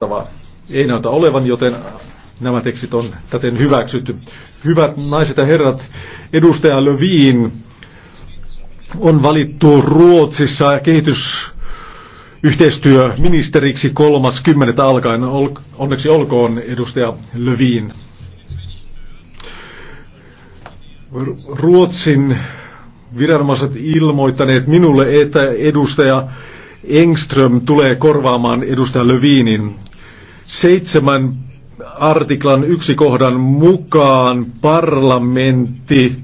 kannattava ei näytä olevan, joten nämä tekstit on täten hyväksytty. Hyvät naiset ja herrat, edustaja Löviin on valittu Ruotsissa kehitys yhteistyöministeriksi 30. alkaen. Onneksi olkoon edustaja Lövin. Ruotsin viranomaiset ilmoittaneet minulle, että edustaja Engström tulee korvaamaan edustaja Lövinin. Seitsemän artiklan yksi kohdan mukaan parlamentti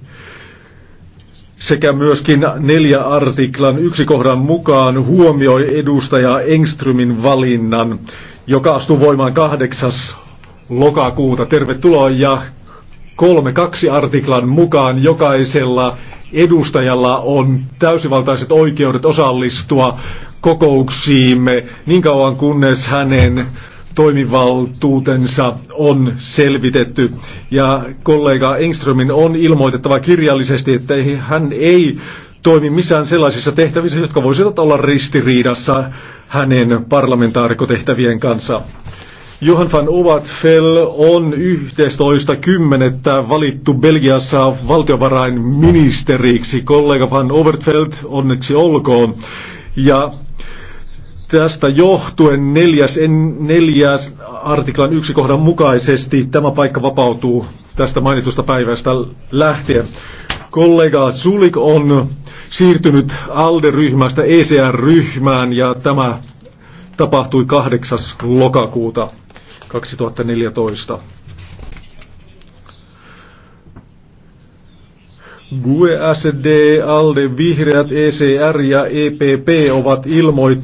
sekä myöskin neljä artiklan yksi kohdan mukaan huomioi edustaja Engströmin valinnan, joka astuu voimaan 8. lokakuuta. Tervetuloa ja kolme kaksi artiklan mukaan jokaisella edustajalla on täysivaltaiset oikeudet osallistua kokouksiimme niin kauan kunnes hänen toimivaltuutensa on selvitetty. Ja kollega Engströmin on ilmoitettava kirjallisesti, että hän ei toimi missään sellaisissa tehtävissä, jotka voisivat olla ristiriidassa hänen parlamentaarikotehtävien kanssa. Johan van Uwatfel on 11.10. valittu Belgiassa valtiovarainministeriksi. Kollega van Overtfeld, onneksi olkoon. Ja tästä johtuen neljäs, en, neljäs artiklan yksi kohdan mukaisesti tämä paikka vapautuu tästä mainitusta päivästä lähtien. Kollega Zulik on siirtynyt ALDE-ryhmästä ECR-ryhmään ja tämä tapahtui 8. lokakuuta. 2014. GUE, SD, ALDE, Vihreät, ECR ja EPP ovat ilmoittaneet,